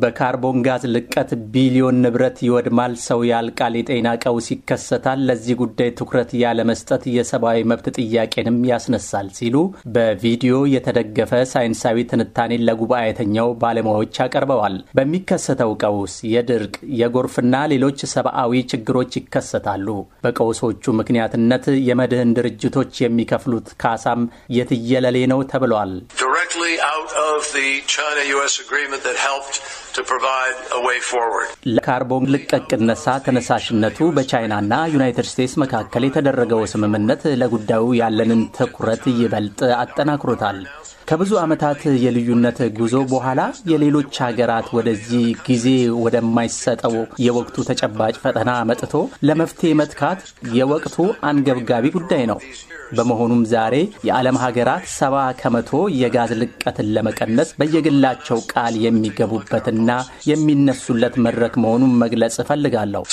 በካርቦን ጋዝ ልቀት ቢሊዮን ንብረት ይወድማል፣ ሰው ያልቃል፣ የጤና ቀውስ ይከሰታል፣ ለዚህ ጉዳይ ትኩረት ያለመስጠት የሰብአዊ መብት ጥያቄንም ያስነሳል ሲሉ በቪዲዮ የተደገፈ ሳይንሳዊ ትንታኔን ለጉባኤተኛው ባለሙያዎች አቀርበዋል። በሚከሰተው ቀውስ የድርቅ የጎርፍና ሌሎች ሰብአዊ ችግሮች ይከሰታሉ። በቀውሶቹ ምክንያትነት የመድህን ድርጅቶች የሚከፍሉት ካሳም የትየለሌ ነው ተብሏል። ለካርቦን ልቀቅነሳ ተነሳሽነቱ በቻይናና ዩናይትድ ስቴትስ መካከል የተደረገው ስምምነት ለጉዳዩ ያለንን ትኩረት ይበልጥ አጠናክሮታል። ከብዙ ዓመታት የልዩነት ጉዞ በኋላ የሌሎች ሀገራት ወደዚህ ጊዜ ወደማይሰጠው የወቅቱ ተጨባጭ ፈተና መጥቶ ለመፍትሄ መትካት የወቅቱ አንገብጋቢ ጉዳይ ነው። በመሆኑም ዛሬ የዓለም ሀገራት ሰባ ከመቶ የጋዝ ልቀትን ለመቀነስ በየግላቸው ቃል የሚገቡበትና የሚነሱለት መድረክ መሆኑን መግለጽ እፈልጋለሁ።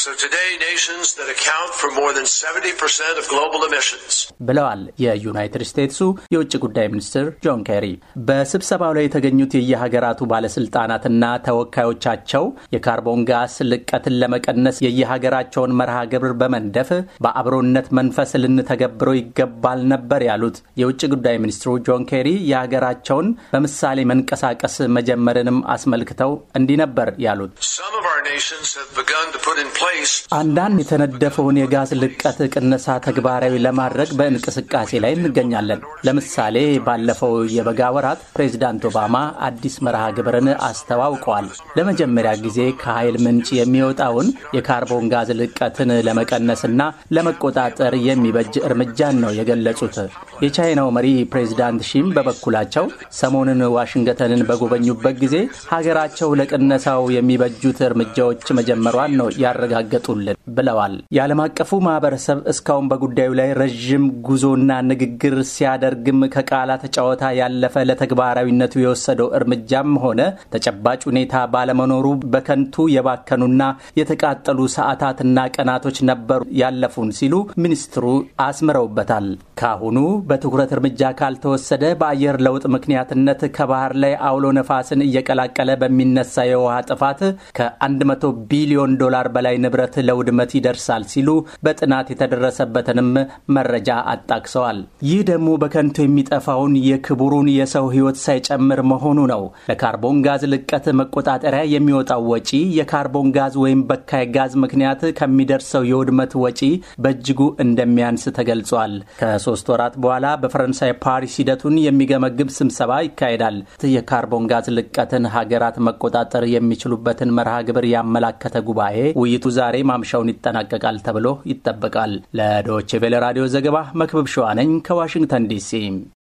ብለዋል የዩናይትድ ስቴትሱ የውጭ ጉዳይ ሚኒስትር ጆን ኬሪ። በስብሰባው ላይ የተገኙት የየሀገራቱ ባለስልጣናትና ተወካዮቻቸው የካርቦን ጋስ ልቀትን ለመቀነስ የየሀገራቸውን መርሃ ግብር በመንደፍ በአብሮነት መንፈስ ልንተገብረው ይገባል ነበር ያሉት የውጭ ጉዳይ ሚኒስትሩ ጆን ኬሪ የሀገራቸውን በምሳሌ መንቀሳቀስ መጀመርንም አስመልክተው እንዲህ ነበር ያሉት። አንዳንድ የተነደፈውን የጋዝ ልቀት ቅነሳ ተግባራዊ ለማድረግ በእንቅስቃሴ ላይ እንገኛለን። ለምሳሌ ባለፈው የበጋ ወራት ፕሬዚዳንት ኦባማ አዲስ መርሃ ግብርን አስተዋውቀዋል። ለመጀመሪያ ጊዜ ከኃይል ምንጭ የሚወጣውን የካርቦን ጋዝ ልቀትን ለመቀነስና ለመቆጣጠር የሚበጅ እርምጃን ነው የገለጹት። የቻይናው መሪ ፕሬዚዳንት ሺም በበኩላቸው ሰሞኑን ዋሽንግተንን በጎበኙበት ጊዜ ሀገራቸው ለቅነሳው የሚበጁት እርምጃዎች መጀመሯን ነው ያረጋገጡልን ብለዋል። የዓለም አቀፉ ማህበረሰብ እስካሁን በጉዳዩ ላይ ረዥም ጉዞና ንግግር ሲያደርግም ከቃላት ጨዋታ ያለፈ ለተግባራዊነቱ የወሰደው እርምጃም ሆነ ተጨባጭ ሁኔታ ባለመኖሩ በከንቱ የባከኑና የተቃጠሉ ሰዓታትና ቀናቶች ነበሩ ያለፉን ሲሉ ሚኒስትሩ አስምረውበታል። ካሁኑ በትኩረት እርምጃ ካልተወሰደ በአየር ለውጥ ምክንያትነት ከባህር ላይ አውሎ ነፋስን እየቀላቀለ በሚነሳ የውሃ ጥፋት ከ100 ቢሊዮን ዶላር በላይ ንብረት ለውድመት ይደርሳል ሲሉ በጥናት የተደረሰበትንም መረጃ አጣቅሰዋል። ይህ ደግሞ በከንቱ የሚጠፋውን የክቡሩን የሰው ሕይወት ሳይጨምር መሆኑ ነው። ለካርቦን ጋዝ ልቀት መቆጣጠሪያ የሚወጣው ወጪ የካርቦን ጋዝ ወይም በካይ ጋዝ ምክንያት ከሚደርሰው የውድመት ወጪ በእጅጉ እንደሚያንስ ተገልጿል። ከሶስት ወራት በኋላ በኋላ በፈረንሳይ ፓሪስ ሂደቱን የሚገመግብ ስብሰባ ይካሄዳል። የካርቦን ጋዝ ልቀትን ሀገራት መቆጣጠር የሚችሉበትን መርሃ ግብር ያመላከተ ጉባኤ ውይይቱ ዛሬ ማምሻውን ይጠናቀቃል ተብሎ ይጠበቃል። ለዶቼ ቬለ ራዲዮ ዘገባ መክብብ ሸዋነኝ ከዋሽንግተን ዲሲ